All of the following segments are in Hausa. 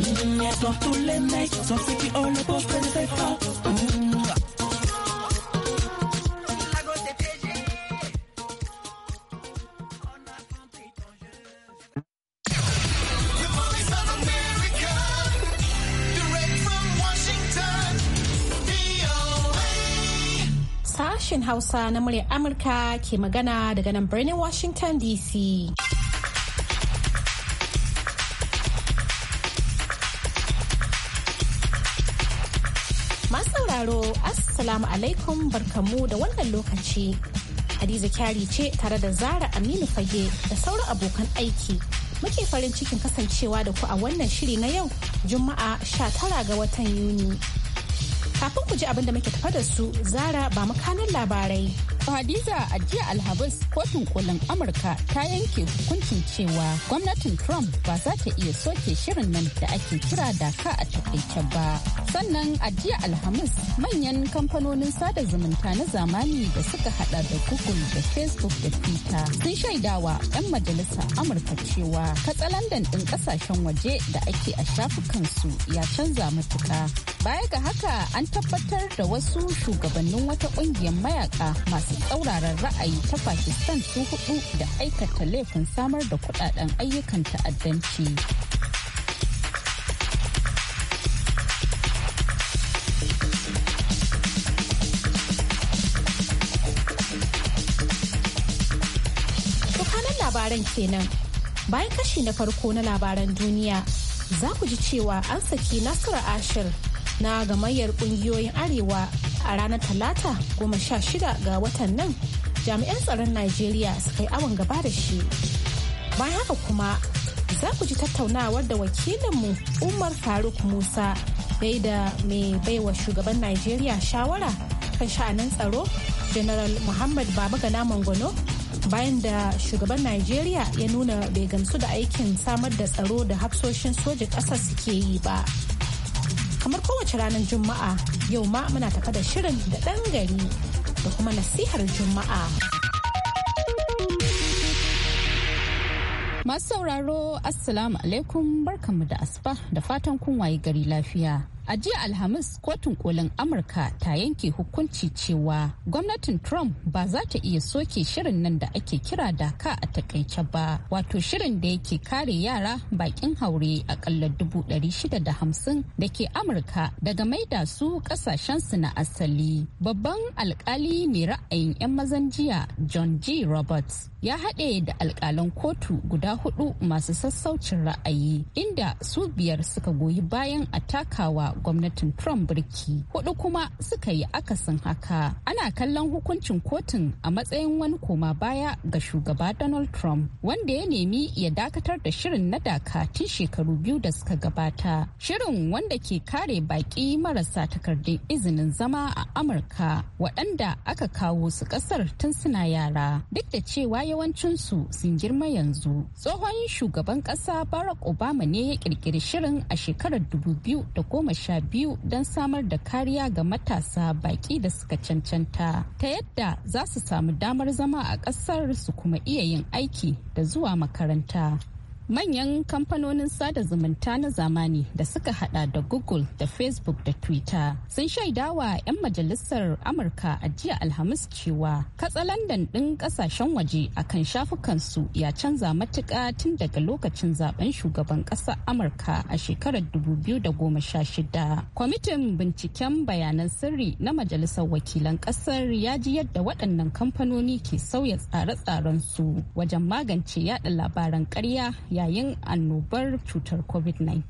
Mmh, on sort tous les mecs, sauf ceux qui ont le poche près de Hausa na Amurka ke magana daga nan birnin Washington DC. sauraro Assalamu alaikum barkamu da wannan lokaci. Hadiza kyari ce tare da Zara Aminu Fage da sauran abokan aiki. Muke farin cikin kasancewa da ku a wannan shiri na yau Juma'a 19 ga watan Yuni. Kafin ku ji abin da muke tafa da su, Zara ba makanan labarai. Hadiza a jiya Alhamis kotun kolin Amurka ta yanke hukuncin cewa gwamnatin Trump ba za ta iya soke shirin nan da ake kira daka a takaice ba. Sannan a jiya Alhamis manyan kamfanonin sada zumunta na zamani da suka hada da Google da Facebook da Twitter sun shaidawa 'yan majalisa Amurka cewa katsalandan ɗin ƙasashen waje da ake a shafukansu ya canza matuka. Baya ga haka an tabbatar da wasu shugabannin wata ƙungiyar mayaka masu masu tsauraran ra'ayi ta pakistan su hudu da aikata laifin samar da kudaden ayyukan ta'addanci labaran kenan bayan kashi na farko na labaran duniya za ku ji cewa an saki nasarar ashir na gamayyar kungiyoyin arewa a ranar talata goma sha shida ga watan nan jami'an tsaron najeriya suka yi awon gaba da shi bayan haka kuma za ku ji tattaunawar da wakilinmu umar faruk musa bai da mai baiwa shugaban najeriya shawara kan sha'anin tsaro general muhammad babagana mangwano bayan da shugaban najeriya ya nuna bai gamsu da aikin samar da tsaro da hafsoshin soja ƙasa suke yi ba. kamar kowace ranar juma'a yau ma muna tafa da shirin da ɗan gari da kuma nasihar juma'a masu sauraro assalamu alaikum barkanmu da asfa da fatan kun waye gari lafiya A jiya Alhamis kotun kolin Amurka ta yanke hukunci cewa gwamnatin Trump ba za ta iya soke shirin nan da ake kira da ka a takaice ba wato shirin da yake kare yara bakin haure akalla dubu ɗari shida da hamsin da ke Amurka daga maida su kasashensu na asali. Babban alkali mai ra'ayin 'yan mazan jiya John G. Roberts ya haɗe da alƙalan kotu guda hudu masu sassaucin ra'ayi inda su biyar suka goyi bayan a takawa. gwamnatin Trump birki. Hudu kuma suka yi akasin haka. Ana kallon hukuncin kotun a matsayin wani koma baya ga shugaba Donald Trump wanda ya nemi ya dakatar da shirin na daka tun shekaru biyu da suka gabata. Shirin wanda ke kare baki marasa takardun izinin zama a Amurka waɗanda aka kawo su ƙasar tun suna yara duk da cewa yawancinsu sun girma yanzu. Tsohon shugaban ƙasa Barack Obama ne ya ƙirƙiri shirin a shekarar 2010 sha biyu don samar da kariya ga matasa baƙi da suka cancanta ta yadda za su samu damar zama a ƙasar su kuma iya yin aiki da zuwa makaranta. manyan kamfanonin sada zumunta na zamani da suka hada da google da facebook da twitter sun shaidawa 'yan majalisar amurka a jiya alhamis cewa katsalandan ɗin ƙasashen waje a kan shafukansu ya canza matuƙa tun daga lokacin zaben shugaban ƙasar amurka a shekarar 2016 kwamitin binciken bayanan sirri na majalisar wakilan ƙasar ya ji yadda waɗannan kamfanoni ke sauya tsare-tsarensu wajen magance yada labaran ƙarya yayin annobar cutar covid-19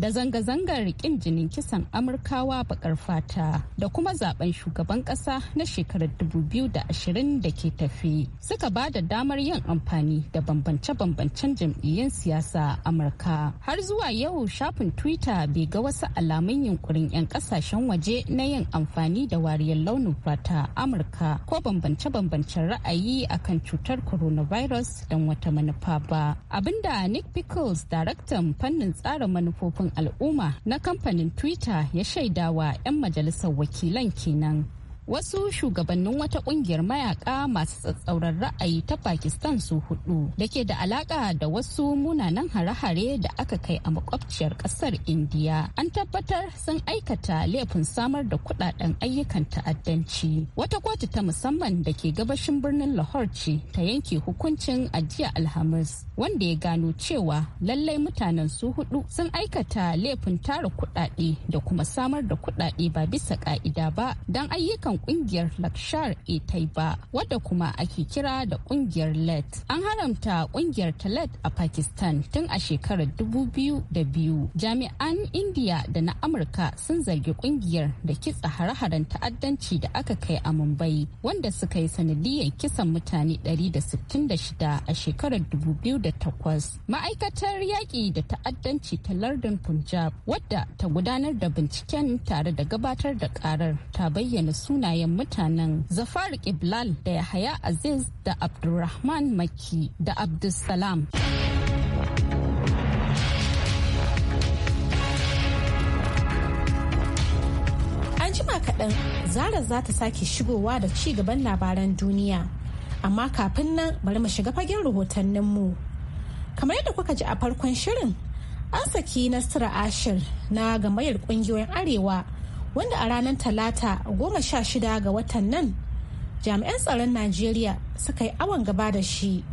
da zanga-zangar rikin jinin kisan amurkawa bakar fata da kuma zaben shugaban kasa na shekarar 2020 da ke tafi suka ba da damar yin amfani da bambance-bambancen jam'iyyun siyasa amurka har zuwa yau shafin twitter bai ga wasu alamun yunkurin 'yan kasashen waje na yin amfani da wariyar launin fata amurka ko bambance-bambancen ra'ayi akan cutar coronavirus don wata manufa ba abinda Nick Pickles, daraktan fannin tsara manufofin al'umma na kamfanin Twitter ya shaidawa 'yan majalisar wakilan kenan. wasu shugabannin wata kungiyar mayaka masu tsatsauran ra'ayi ta pakistan su hudu da ke da alaka da wasu munanan hare-hare da aka kai a makwabciyar kasar indiya an tabbatar sun aikata laifin samar da kudaden ayyukan ta'addanci wata kotu ta musamman da ke gabashin birnin lahore ce ta yanke hukuncin ajiya alhamis wanda ya gano cewa lallai mutanen su hudu sun aikata laifin tara kudade da kuma samar da kudade ba bisa ka'ida ba don ayyukan kungiyar lakshar e taiba wadda kuma ake kira da kungiyar let an haramta kungiyar ta let a pakistan tun a shekarar 2002 jami'an indiya da na amurka sun zargi kungiyar da kitsa hare-haren ta'addanci da aka kai a mumbai wanda suka yi sanadiyar kisan mutane 166 a shekarar 2008 ma'aikatar yaƙi da ta'addanci ta lardin punjab wadda ta gudanar da binciken tare da gabatar da karar ta bayyana sunan sunayen mutanen Zafar Iblal da Yahaya Aziz da Abdulrahman Maki da Abdulsalam. An jima kaɗan Zara za ta sake shigowa da ci gaban labaran duniya. Amma kafin nan bari mu shiga fagen rahotanninmu. Kamar yadda kuka ji a farkon shirin, an saki Nasira Ashir na mayar ƙungiyoyin Arewa wanda a ranar talata goma sha shida ga watan nan jami'an tsaron najeriya suka yi awon gaba da shi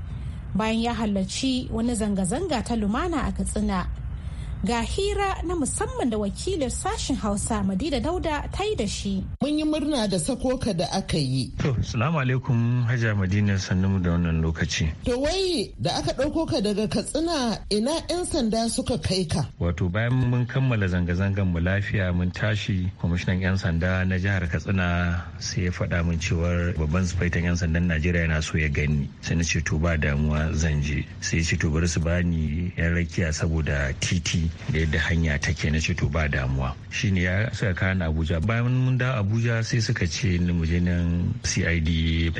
bayan ya halarci wani zanga-zanga ta lumana a katsina ga hira na musamman da wakilin sashen hausa madina dauda ta yi da shi mun yi murna da sakoka da aka yi to salamu alaikum hajiya madina sannu da wannan lokaci to wai da aka ɗauko ka daga katsina ina 'yan sanda suka kai ka wato bayan mun kammala zanga-zangan mu lafiya mun tashi kwamishinan 'yan sanda na jihar katsina sai ya faɗa min cewar babban sufaitan 'yan sandan najeriya yana so ya gani sai na ce to ba damuwa zan je sai ya ce to bari su bani 'yan rakiya saboda titi da yadda hanya take na ce to ba damuwa ne ya suka kayan abuja bayan mun da abuja sai suka ce mu nan cid fib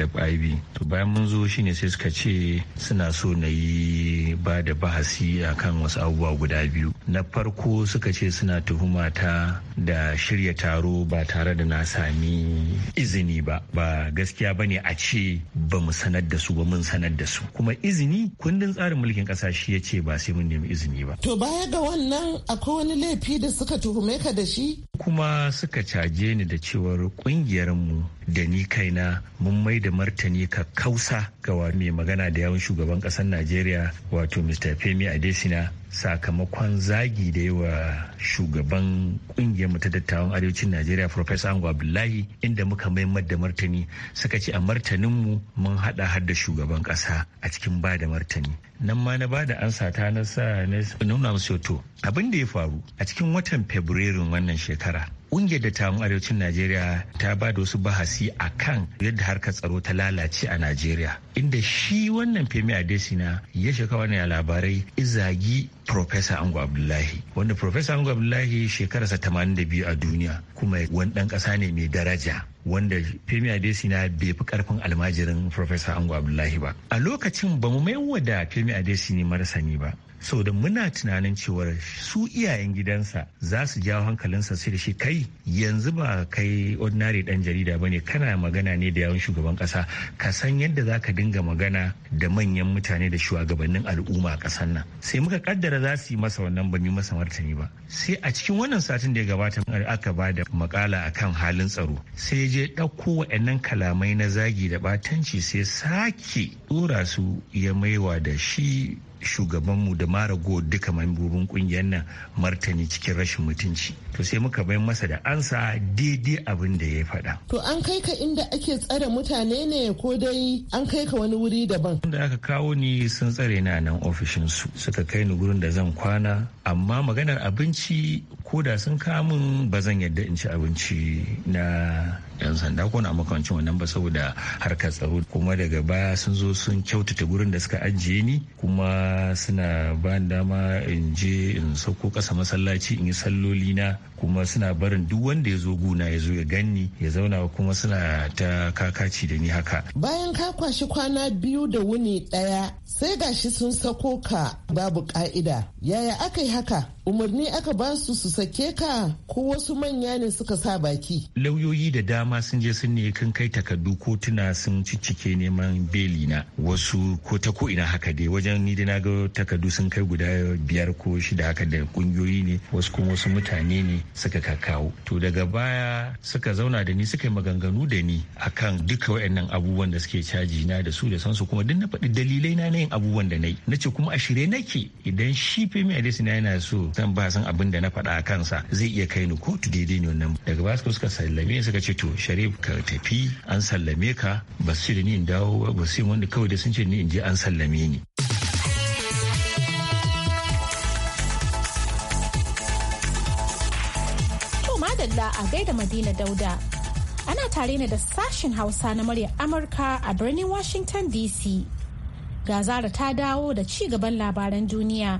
to bayan mun zo shi ne sai suka ce suna so na yi ba da bahasi akan wasu abubuwa guda biyu na farko suka ce suna tuhuma ta da shirya taro ba tare da na sami izini ba ba gaskiya ba ne a ce ba mu sanar da su ba mun sanar da su kuma izini kundin tsarin mulkin ƙasa shi ya ce ba sai mun nemi izini ba to baya ga wannan akwai wani laifi da suka tuhume ka da shi? Kuma suka caje ni da cewar kungiyarmu da ni kaina mun mai da martani ka kausa ga mai magana da yawan shugaban ƙasar Najeriya wato Mr. Femi Adesina sakamakon zagi da yawa shugaban kungiyar mu ta dattawan arewacin najeriya professor ango abdullahi inda muka maimar da martani suka ce a martanin mu mun hada har da shugaban kasa a cikin ba da martani nan ma na ba da ansa ta na sa na nuna musu abin da ya faru a cikin watan fabrairun wannan shekara ƙungiyar da taron arewacin najeriya ta ba da wasu bahasi a kan yadda harkar tsaro ta lalace a najeriya inda shi wannan femi adesina ya shaka wani labarai izagi Profesa Ango Abdullahi wanda Profesa Ango Abdullahi shekararsa 82 a duniya kuma wani ɗan ƙasa ne mai daraja wanda Femi Adesina bai fi karfin almajirin Professor Ango Abdullahi ba. A lokacin ba mu maiwa da Femi Adesina marasani ba. sau da muna tunanin cewa su iyayen gidansa za su jawo hankalinsa sai da shi kai yanzu ba kai ordinary dan jarida ba ne kana magana ne da yawon shugaban kasa ka san yadda za ka dinga magana da manyan mutane da shugabannin al'umma a kasan nan sai muka kaddara za su yi masa wannan ba mu masa martani ba sai a cikin wannan satin da ya gabata aka ba da makala akan halin tsaro sai je ɗauko waɗannan kalamai na zagi da ɓatanci sai sake ɗora su ya maiwa da shi shugabanmu da mara go duka mambobin ƙungiyar nan martani cikin rashin mutunci to sai muka bayan masa da ansa daidai abin da ya faɗa. to an kai ka inda ake tsare mutane ne ko dai an kai ka wani wuri daban da aka kawo ni sun tsare na nan ofishinsu suka kai ni gurin da zan kwana amma maganar abinci ko da sun kamun ba zan yadda in ci abinci na 'yan sanda ko na makamancin wannan ba saboda harkar tsaro kuma daga baya sun zo sun kyautata gurin da suka ajiye ni kuma suna ba dama in je in sauko kasa masallaci in yi salloli na kuma suna barin duk wanda ya zo guna ya zo ya ganni ya zauna kuma suna ta kakaci da ni haka bayan ka kwashi kwana biyu da wuni daya sai gashi sun sako ka babu ka'ida yaya aka yi haka umarni aka ba su su sake ka ko wasu manya ne suka sa baki lauyoyi da dama sun je sun ne kan kai takardu kotuna sun ciccike neman beli na wasu ko ta ko ina haka dai wajen ni da na ga takardu sun kai guda biyar ko shida haka da kungiyoyi ne wasu kuma wasu mutane ne suka kakawo to daga baya suka zauna da ni suka yi maganganu da ni akan duka waɗannan abubuwan da suke caji na da su da sansu kuma duk na faɗi dalilai na yin abubuwan da na yi na ce kuma a shirye nake idan shi femi na yana so nan ba san abin da na faɗa a kansa zai iya kai ni kotu daidai ne wannan daga ba su suka sallame suka ce to sharif ka tafi an sallame ka ba su da ni in dawo ba su wanda kawai da sun ce ni in je an sallame ni. Madalla a gaida Madina Dauda. Ana tare ne da sashen Hausa na murya Amurka a birnin Washington DC. Ga zara ta dawo da ci gaban labaran duniya.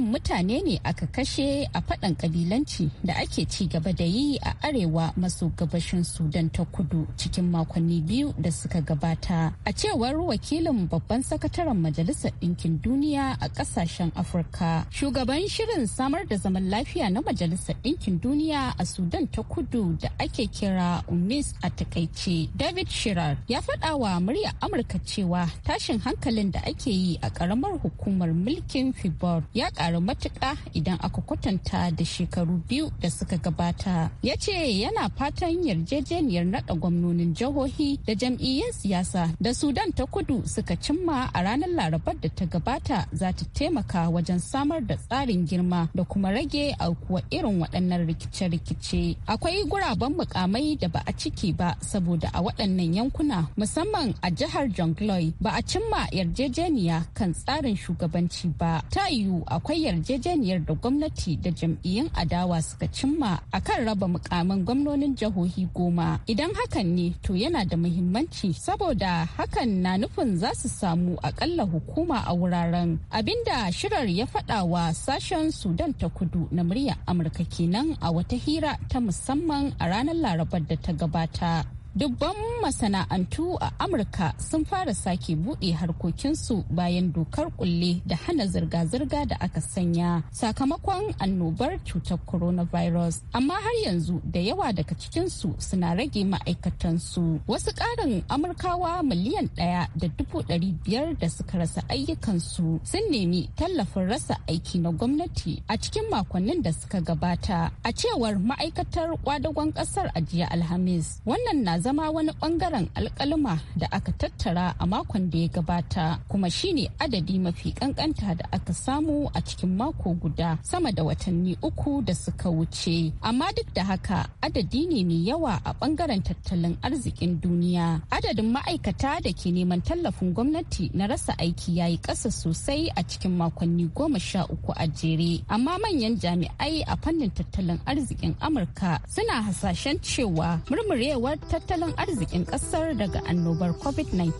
mutane ne aka kashe a faɗan ƙabilanci da ake ci gaba da yi a arewa maso gabashin Sudan ta kudu cikin makonni biyu da suka gabata. A cewar wakilin babban sakataren Majalisar Ɗinkin Duniya a ƙasashen Afirka. Shugaban shirin samar da zaman lafiya na Majalisar Ɗinkin Duniya a Sudan ta kudu da ake kira UNIS a takaice. David Shirar ya faɗa wa muryar Amurka cewa tashin hankalin da ake yi a ƙaramar hukumar mulkin Fibor ya ƙara matuƙa idan aka kwatanta da shekaru biyu da suka gabata. Ya ce yana fatan yarjejeniyar naɗa gwamnonin jihohi da jam'iyyar siyasa da Sudan ta kudu suka cimma a ranar Larabar da ta gabata za ta taimaka wajen samar da tsarin girma da kuma rage aukuwa irin waɗannan rikice-rikice. Akwai guraben mukamai da ba a ciki ba saboda a waɗannan yankuna musamman a jihar Jongloi ba a cimma yarjejeniya kan tsarin shugabanci ba. Ta yiwu akwai yarjejeniyar da gwamnati da jam'iyyun adawa suka cimma a kan raba mukamin gwamnonin jihohi goma idan hakan ne to yana da muhimmanci saboda hakan na nufin za su samu akalla hukuma a wuraren abinda shirar ya faɗa wa sashen sudan ta kudu na muryar amurka kenan a wata hira ta musamman a ranar larabar da ta gabata dubban masana'antu a amurka sun fara sake buɗe harkokinsu bayan dokar kulle da hana zirga-zirga da aka sanya sakamakon annobar cutar coronavirus amma har yanzu da yawa daga cikinsu suna rage ma'aikatansu wasu ƙarin amurkawa miliyan ɗaya da dubu ɗari biyar da suka rasa ayyukansu sun nemi tallafin rasa aiki na gwamnati a cikin makonnin da suka gabata a cewar ma'aikatar kwadagon ƙasar a jiya alhamis wannan na zama wani bangaren alkalima da aka tattara a makon da ya gabata kuma shine adadi mafi kankanta da aka samu a cikin mako guda sama da watanni uku da suka wuce amma duk da haka adadi ne mai yawa a bangaren tattalin arzikin duniya adadin ma'aikata da ke neman tallafin gwamnati na rasa aiki ya yi ƙasa sosai a cikin makonni goma sha uku a jere amma manyan jami'ai a fannin tattalin arzikin amurka suna hasashen cewa murmurewar tattalin tattalin arzikin kasar daga annobar covid-19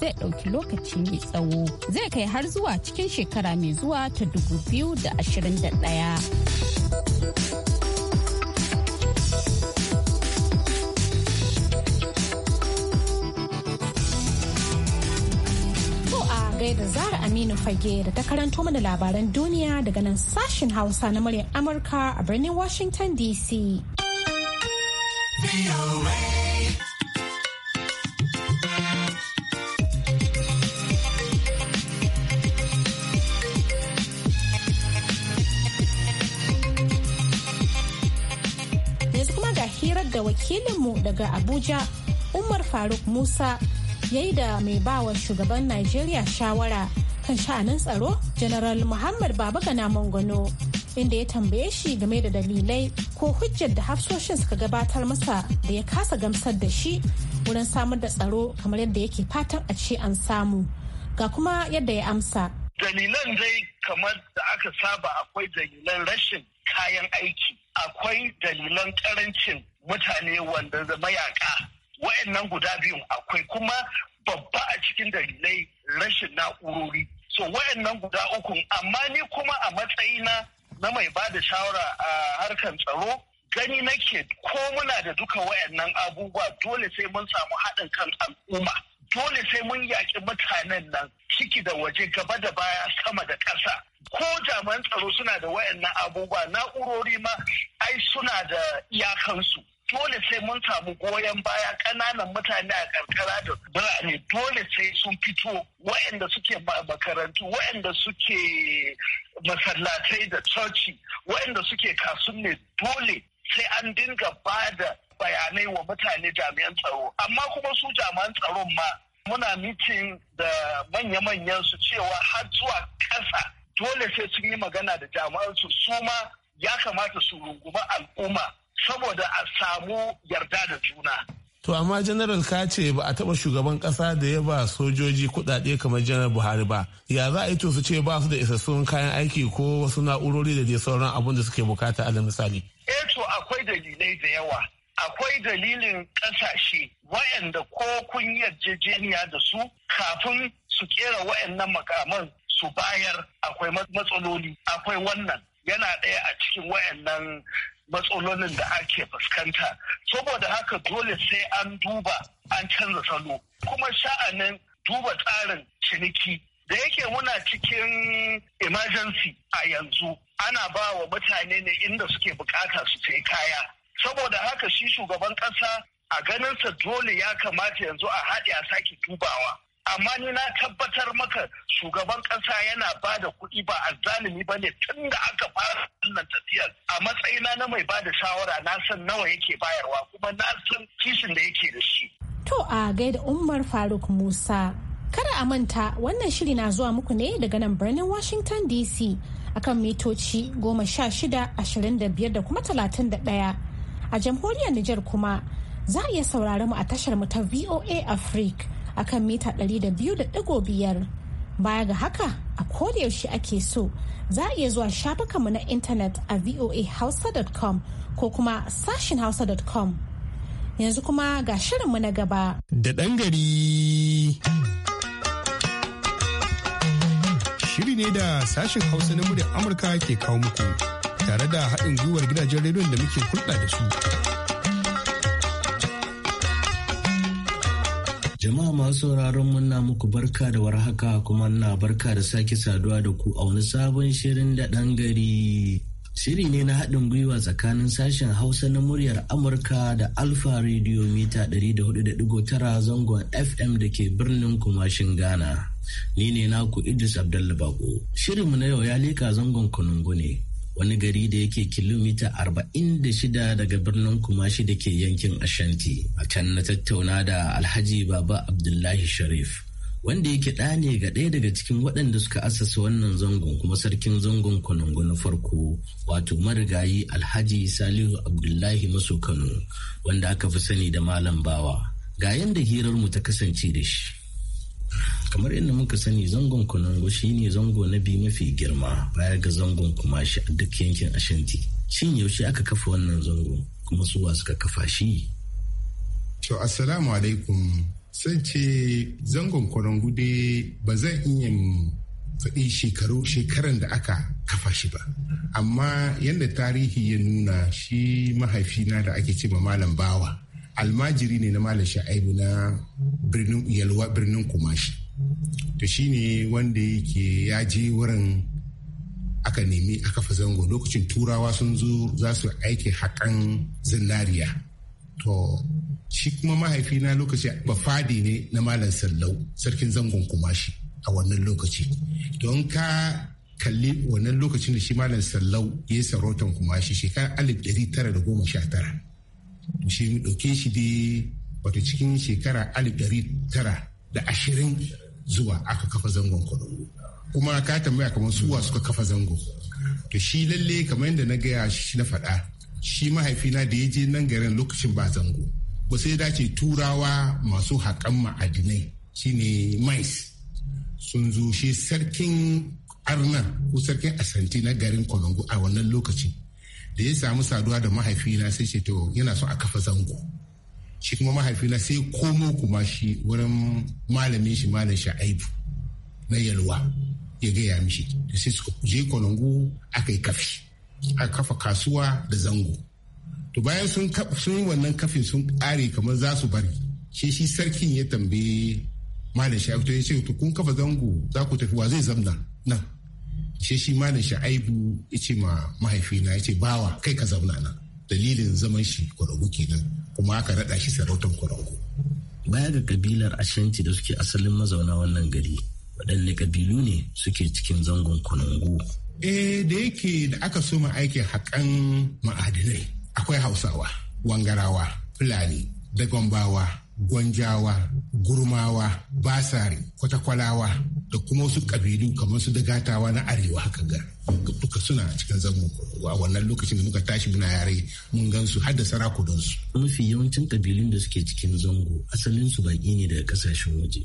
zai ɗauki lokaci mai tsawo zai kai har zuwa cikin shekara mai zuwa ta dubu 2021 da Zara Aminu Fage da ta karanto mana labaran duniya daga nan sashen Hausa na muryar Amurka a birnin Washington DC. wakilinmu daga Abuja Umar Faruk Musa ya yi da mai bawa shugaban Najeriya shawara kan sha'anin tsaro General Muhammad Babagana Mangono inda ya tambaye shi game da dalilai ko hujjar da hafsoshin suka gabatar masa da ya kasa gamsar da shi wurin samar da tsaro kamar yadda yake fatan a ce an samu ga kuma yadda ya amsa. Dalilan dai kamar da aka saba akwai dalilan rashin kayan aiki akwai dalilan karancin mutane wanda mayaka wayannan guda biyun akwai kuma babba a cikin dalilai rashin na'urori so wayannan guda uku amma ni kuma a matsayina na mai ba da shawara a harkar tsaro gani nake ko muna da duka wayannan abubuwa dole sai mun samu haɗin kan al'umma dole sai mun yaƙi mutanen nan ciki da waje gaba da baya sama da ƙasa ko jami'an tsaro suna da wayannan abubuwa na'urori ma ai suna da iyakansu dole sai mun samu goyon baya ƙananan mutane a karkara da birane dole sai sun fito waɗanda suke makarantu waɗanda suke masallatai da coci waɗanda suke kasunne dole sai an dinga ba da bayanai wa mutane jami'an tsaro amma kuma su jami'an tsaron ma muna mitin da manya-manyan su cewa har zuwa ƙasa dole sai sun yi magana da jami'an su su ma ya kamata su runguma al'umma saboda a samu yarda da juna. To amma General ka ce ba a taba shugaban ƙasa da ya ba sojoji kuɗaɗe kamar General Buhari ba. Ya za a yi to su ce ba su da isassun kayan aiki ko wasu na'urori da dai sauran abin da suke bukata alal misali. Eh to akwai dalilai da yawa. Akwai dalilin ƙasashe wayanda ko kun yarjejeniya da su kafin su kera wayannan makaman su bayar akwai matsaloli akwai wannan yana ɗaya a cikin wayannan. matsalolin da ake fuskanta saboda haka dole sai an duba an canza salo kuma sha'anin duba tsarin ciniki da yake muna cikin emergency a yanzu ana ba wa mutane ne inda suke bukata su sai kaya saboda haka shi shugaban kasa a ganinsa dole ya kamata yanzu a haɗe a sake dubawa amma ni na tabbatar maka shugaban kasa yana ba da kuɗi ba a zalimi ba ne tun da aka fara wannan tafiyar a matsayina na mai ba da shawara na san nawa yake bayarwa kuma na san kishin da yake da shi. To a gaida Umar Faruk Musa kada a manta wannan shiri na zuwa muku ne daga nan birnin Washington DC akan mitoci goma sha shida ashirin da biyar da kuma talatin da ɗaya a jamhuriyar Nijar kuma za a iya saurari mu a tashar mu ta VOA Africa akan mita 200.5 baya ga haka a yaushe ake so za a iya zuwa shafukanmu na intanet a voahausa.com ko kuma sashin hausa.com yanzu kuma ga shirinmu na gaba da ɗan gari shiri ne da sashin hausa na muryar amurka ke kawo muku tare da haɗin gwiwar gidajen rediyon da muke hulɗa da su Jama'a masu sauraron muna muku barka da warhaka kuma na barka da sake saduwa da ku a wani sabon shirin da ɗan gari. Shiri ne na haɗin gwiwa tsakanin sashen Hausa na muryar Amurka da Alfa Radio mita 104.9 zangon FM da ke birnin Kumashin Ghana. Ni ne naku Idris Abdullahi Bako. Shirinmu na yau ya leka zangon kunungu ne. wani gari da yake kilomita arba'in da shida daga birnin kumashi da ke yankin ashanti a can na tattauna da alhaji baba abdullahi sharif wanda yake ɗa ne ga ɗaya daga cikin waɗanda suka asasa wannan zangon kuma sarkin zangon kanungu na farko wato marigayi alhaji salihu abdullahi maso kano wanda aka fi sani da malam bawa ga yanda hirar mu ta kasance da shi kamar yadda muka sani zangon konongo shine zango na biyu mafi girma baya ga zangon kumashi a duk yankin ashanti shin yaushe aka kafa wannan zango kuma suwa suka kafa shi to assalamu alaikum san ce zangon konongo dai ba zan iya faɗi shekaru shekaran da aka kafa shi ba amma yadda tarihi ya nuna shi mahaifina da ake ce ma malam bawa almajiri ne na malam sha'ibu na birnin yalwa birnin kumashi to shi ne wanda yake ya je wurin aka nemi aka fi zango lokacin turawa sun zo za su aiki haƙan zinariya to shi kuma mahaifina lokaci bafadi ne na malam sallau sarkin zangon kumashi a wannan lokaci don ka kalli wannan lokacin da shi malam sallau ya yi sarautar kumashi shekarar alif ɗari tara da goma sha shi shi dai wata cikin shekara alif ɗari tara da ashirin zuwa aka kafa zangon kwararru kuma ka tambaya kamar suwa suka kafa zango to shi lalle kamar yadda na gaya shi na faɗa shi mahaifina da ya je nan garin lokacin ba zango ba sai dace turawa masu haƙan ma'adinai shine mais sun zo shi sarkin arna ko sarkin asanti na garin kolongo a wannan lokacin da ya samu saduwa da mahaifina sai ce to yana so a kafa zango shi kuma mahaifina sai komo kuma shi wurin malamin shi malam sha'aibu na yalwa ya gaya mishi da sai suka je kwanangu aka yi kafi A kafa kasuwa da zango to bayan sun yi wannan kafin sun kare kamar za su bari shi shi sarkin ya tambaye malam sha'aibu to ya ce to kun kafa zango za ku tafi wa zai zamna nan shi shi malam sha'aibu ya ce ma mahaifina ya ce bawa kai ka zauna nan dalilin zaman shi kwanangu kenan kuma aka naɗa shi sarautar kurangu. Baya ga kabilar Ashanti da suke asalin mazauna wannan gari, waɗanne kabilu ne suke cikin zangon kunungu. Eh da yake da aka so mu aikin haƙan ma'adinai akwai Hausawa, Wangarawa, Fulani, Dagombawa, gwanjawa gurmawa basari kwatakwalawa da kuma wasu kabilu kamar su dagatawa na arewa haka ga duka suna cikin zango a wannan lokacin da muka tashi muna yare mun gan su har da sarakunansu. mafi yawancin kabilun da suke cikin zango asalin su baki ne daga kasashen waje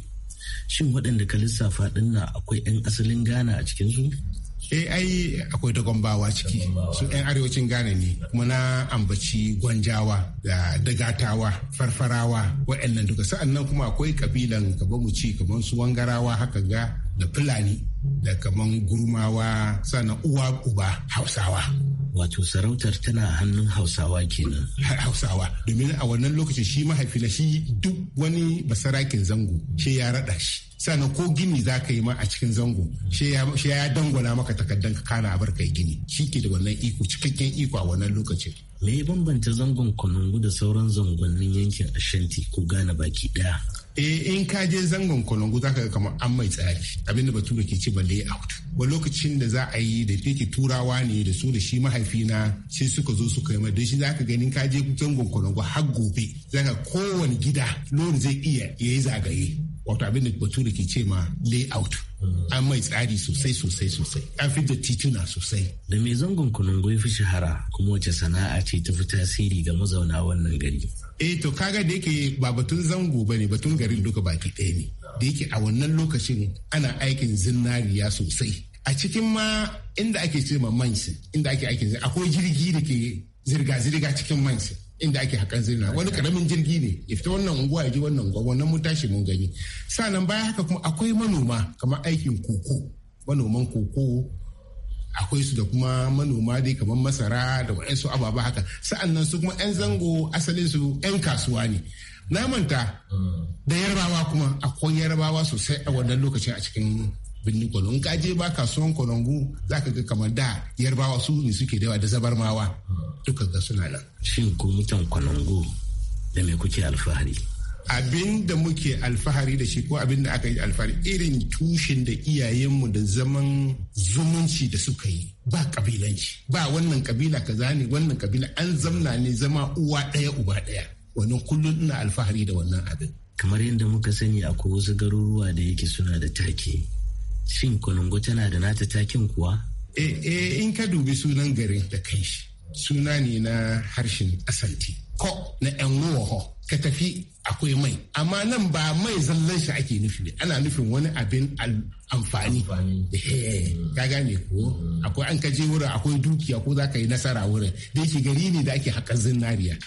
shin waɗanda ka lissafa ɗin akwai 'yan asalin ghana a cikin su Eh, ai akwai ta gwambawa ciki su yan arewacin ghana ne kuma na ambaci gwanjawa da dagatawa farfarawa waɗannan duka sa'annan kuma akwai kabilan kamar mu ci kamar su wangarawa haka ga da fulani da kaman gurmawa sannan uwa uba hausawa wato sarautar tana hannun hausawa kenan hausawa domin a wannan lokacin shi mahaifina shi duk wani basarakin zango shi ya raɗa shi sannan ko gini za ka yi ma a cikin zango shi ya dangwala maka takaddan ka kana abar kai gini shi ke da wannan iko cikakken iko a wannan lokacin me ya bambanta zangon kunungu da sauran zangonnin yankin ashanti ko gane baki daya Eh, in ka je zangon kolongo za ka ga kamar an mai tsari Abinda da ke ce ba layout ba lokacin da za a yi da yake turawa ne da su da shi mahaifina sai suka zo suka yi mai don shi za ka ganin ka je zangon kolongo har gobe za ka kowane gida lori zai iya ya yi zagaye wato abin da ke ce ma layout hmm. an mai tsari sosai sosai sosai an fi da tituna sosai da mai zangon kolongo ya fi shahara kuma wace sana'a ce ta fi tasiri ga mazauna wannan gari eh to kaga da yake ba batun zango ba ne batun garin duka baki ɗaya ne da yake a wannan lokacin ana aikin zinariya sosai a cikin ma inda ake ce ma mansi inda ake aikin akwai jirgi da ke zirga-zirga cikin mansi inda ake hakan zirna wani karamin jirgi ne ifta wannan unguwa ya ji wannan unguwa wannan mun tashi mun gani sannan baya haka kuma akwai manoma kamar aikin koko manoman koko akwai su da kuma manoma dai kamar masara da waɗansu ababa haka sa'annan su kuma 'yan zango asalin su 'yan kasuwa ne na manta da yarbawa kuma akwai yarbawa sosai a wannan lokacin a cikin birnin kwalon ka ba kasuwan kwalongu za ka ga kamar da yarbawa su ne suke da da zabarmawa duka ga suna nan shi ko mutan kwalongu da mai kuke alfahari abin da muke alfahari da shi ko abin da aka yi alfahari irin tushen da iyayenmu da zaman zumunci da suka yi ba kabilanci ba wannan kabila kaza ne wannan kabila an zamna ne zama uwa ɗaya uba ɗaya wannan kullum na alfahari da wannan abin kamar yadda muka sani akwai wasu garuruwa da yake suna da take shin kulungu tana da nata takin kuwa E, in ka dubi sunan garin da kai shi, suna ne na harshen asalti ko na yan ka tafi akwai mai amma nan ba mai zallan shi ake nufi ana nufin wani abin amfani eh, ka gane ko mm. akwai an kaje wurin akwai dukiya ko za ka yi nasara wurin da yake gari ne da ake haƙar zinariya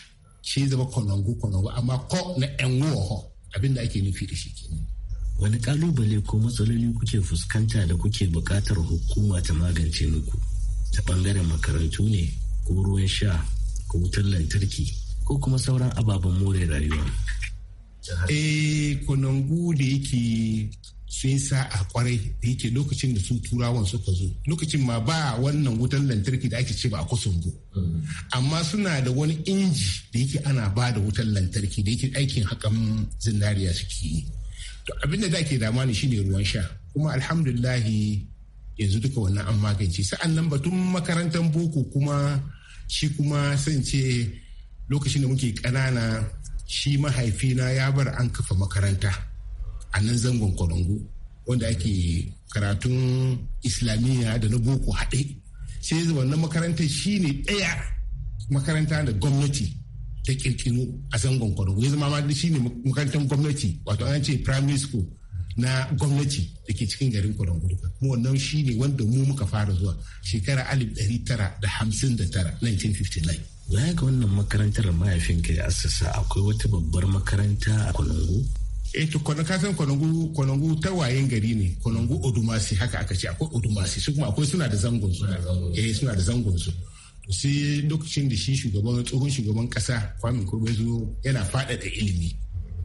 shi zama konongo konongo amma ko na yan wuwa abin da ake nufi da shi ke wani kalubale ko matsaloli kuke fuskanta da kuke buƙatar hukuma ta magance muku ta bangaren makarantu ne ko ruwan sha ko wutar lantarki ko kuma sauran ababen more rayuwa eh kunangu da yake sun sa a kwarai da yake lokacin da su turawan suka zo lokacin ma ba wannan wutan lantarki da ake ce ba a kusurgu mm-hmm. amma suna da wani inji da yake ana ba da wutan lantarki da yake aikin hakan zinariya suke yi to abin da ke dama ne shine ruwan sha kuma alhamdulillahi yanzu duka wannan an magance sa'an nan batun makarantar boko kuma shi kuma sance lokacin da muke ƙanana shi mahaifina ya bar an kafa makaranta a nan zangon kwarango wanda ake karatun islamiyya da na boko haɗe sai wannan makarantar shi ne ɗaya makaranta da gwamnati ta kirkiro a zangon kwarango ya zama ma shi ne makarantar gwamnati wato an ce primary school na gwamnati da ke cikin garin kwarango duka mu wannan shi ne wanda mu muka fara zuwa shekara 1959 baya ga wannan makarantar mahaifinka ya assasa akwai wata babbar makaranta a kwanangu eh to kasan kwanangu kwanangu wayen gari ne kwanangu odumasi haka aka ce akwai odumasi su kuma akwai suna da zangon su eh suna da zangon su sai lokacin da shi shugaban tsohon shugaban kasa kwamin ya zo yana faɗaɗa ilimi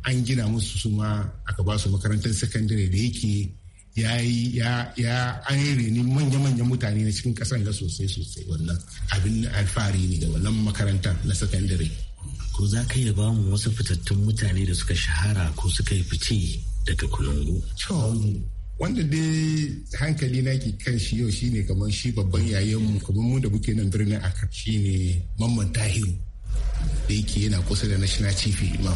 an gina musu suma aka ba su makarantar sakandare da yake ya ya ya an reni manya-manyan mutane na cikin kasan ga sosai-sosai wannan abin alfahari ne da wannan makarantar na sakandare ko za ka iya mu wasu fitattun mutane da suka shahara ko suka yi fice daga kulungu wanda dai hankali na ke kan shi yau shine kamar shi babban mu kamar mu da muke nan birnin aka ne mamman tahiru da yake yana kusa da national chief imam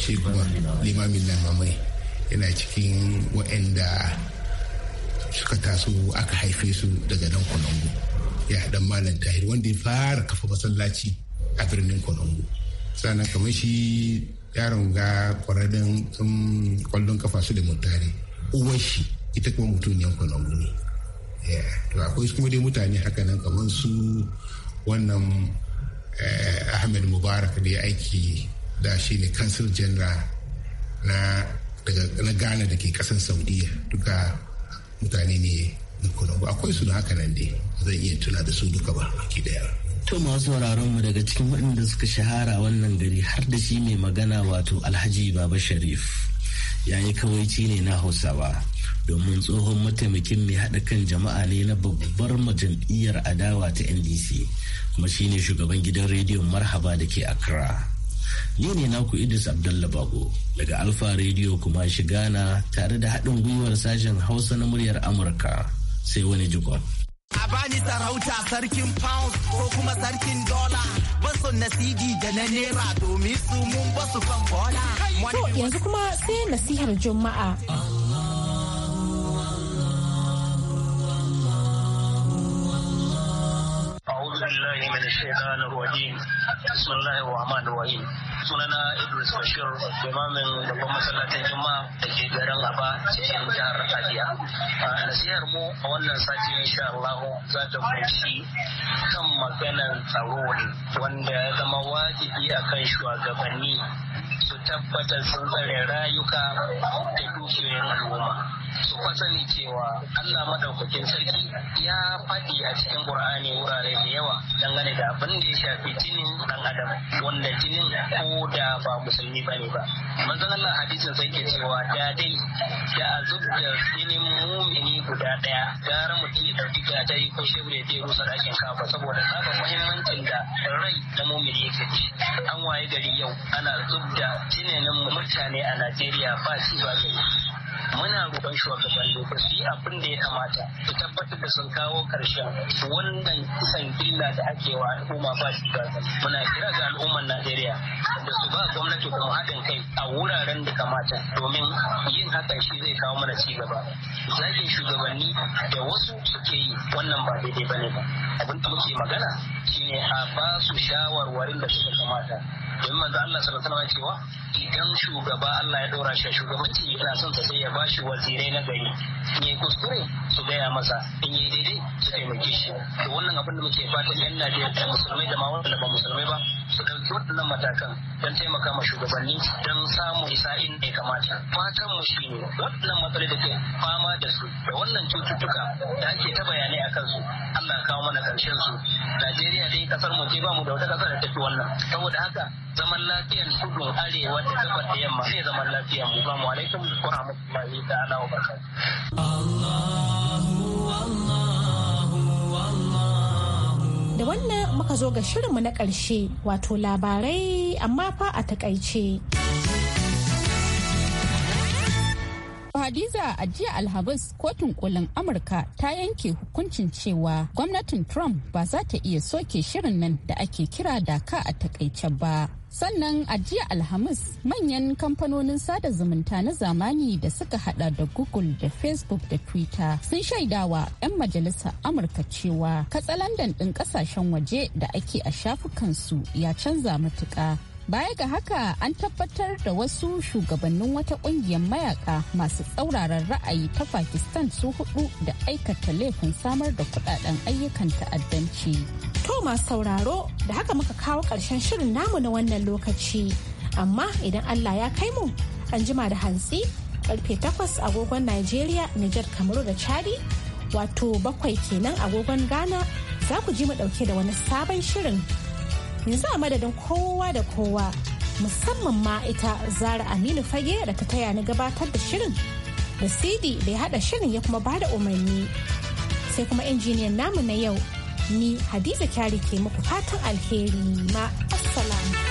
shi kuma limamin lamamai yana cikin waɗanda suka taso aka haife su daga nan kwanango ya dan malam tahir wanda ya fara kafa masallaci a birnin kwanango sannan kamar shi yaron ga kwararren kwallon kafa su da mutane uwar shi ita kuma mutuniyar kwanango ne to akwai kuma dai mutane haka nan kamar su wannan eh, ahmed mubarak da ya aiki da shi ne kansil general na daga na ghana da ke kasan saudiya duka mutane ne akwai su da haka nan dai zan iya tuna da su duka ba baki daya to masu mu daga cikin waɗanda suka shahara wannan gari har da shi mai magana wato alhaji baba sharif ya yi kawaici ne na hausawa domin tsohon mataimakin mai haɗa kan jama'a ne na babbar majam'iyyar adawa ta ndc kuma shine shugaban gidan rediyon marhaba da ke accra Ni ne naku Idris Abdalla Bago daga Alfa Radio kuma shi tare da haɗin gwiwar sashen Hausa na muryar Amurka sai wani jikon. A bani sarauta sarkin pound ko kuma sarkin dola basu na CD da na naira domin su mun basu fan bola. To yanzu kuma sai nasihar Juma'a. Ah. الشيطان الرجيم بسم الله الرحمن الرحيم sunana Idris Bashir da kuma masallacin Juma'a da ke garin Aba cikin jihar Hadiya. Nasihar mu a wannan sati insha Allah za ta kunshi kan maganar tsaro ne wanda ya zama wajibi akan shugabanni su tabbatar sun tsare rayuka da dukiyoyin al'umma. su sani cewa Allah madaukakin sarki ya faɗi a cikin Qur'ani wurare da yawa dangane da abin da ya shafi jinin dan adam wanda jinin ko da ba musulmi bane ba manzon Allah hadisin sai ke cewa da dai da azub jinin mumini guda daya gara mutum ya dauki gadai ko shebur ya je rusa dakin kafa saboda tsabar muhimmancin da rai da mumini yake ci an waye gari yau ana zubda jinin mutane a Najeriya ba shi ba gari muna roƙon shugaban Lagos su yi abin da ya kamata su tabbatar da sun kawo ƙarshen wannan kisan gilla da ake wa al'umma ba shi ba muna kira ga al'ummar Najeriya da su ba gwamnati kuma haɗin kai a wuraren da kamata domin yin hakan shi zai kawo mana ci gaba zagin shugabanni da wasu suke yi wannan ba daidai bane ba abin da muke magana shine a ba su shawarwarin da suka kamata don manzo Allah sallallahu alaihi wasallam cewa idan shugaba Allah ya dora shi shugabanci yana son sa sai ya bashi wazirai na gari in yi kuskure su gaya masa in yi daidai su taimake shi to wannan abin da muke fatan yan Najeriya musulmai da ma wanda ba musulmai ba su ɗauki waɗannan matakan don taimaka ma shugabanni don samun isa'in in ya kamata. Fatan mu shi ne waɗannan matsaloli da ke fama da su da wannan cututtuka da ake ta bayanai a kansu Allah ya kawo mana karshen su. Najeriya dai kasar mu ce ba mu da wata ƙasa da ta fi wannan. Saboda haka zaman lafiyar kudun arewa da gabar da yamma zai zaman lafiyar mu ba mu alaikum wa rahmatullahi ta'ala wa barakatuh. Allahu Allah. da wannan muka zo ga shirinmu na ƙarshe wato labarai amma fa a takaice. Hadiza a jiya Alhamis kotun kolin Amurka ta yanke hukuncin cewa gwamnatin Trump ba za ta iya soke shirin nan da ake kira daka a takaice ba. sannan a jiya alhamis manyan kamfanonin sada zumunta na zamani da suka hada da google da facebook da twitter sun shaidawa 'yan majalisar amurka cewa katsalandan ɗin ƙasashen waje da ake a shafukansu ya canza matuƙa Baya ga haka an tabbatar da wasu shugabannin wata kungiyar mayaka masu tsauraran ra'ayi ta Pakistan su hudu da aikata laifin samar da kudaden ayyukan ta'addanci. To masu sauraro da haka muka kawo karshen shirin namu na wannan lokaci. Amma idan Allah ya kai mu an jima da hantsi karfe 8 agogon Najeriya, Nijar, Kamaru da Chadi, wato bakwai kenan agogon Ghana za ku ji mu dauke da wani sabon shirin. yanzu a madadin kowa da kowa musamman ma ita zara aminu fage da ta taya ni gabatar da shirin da cd bai haɗa hada shirin ya kuma bada umarni sai kuma injiniyan namu na yau ni hadiza kyari ke muku fatan alheri ma assalamu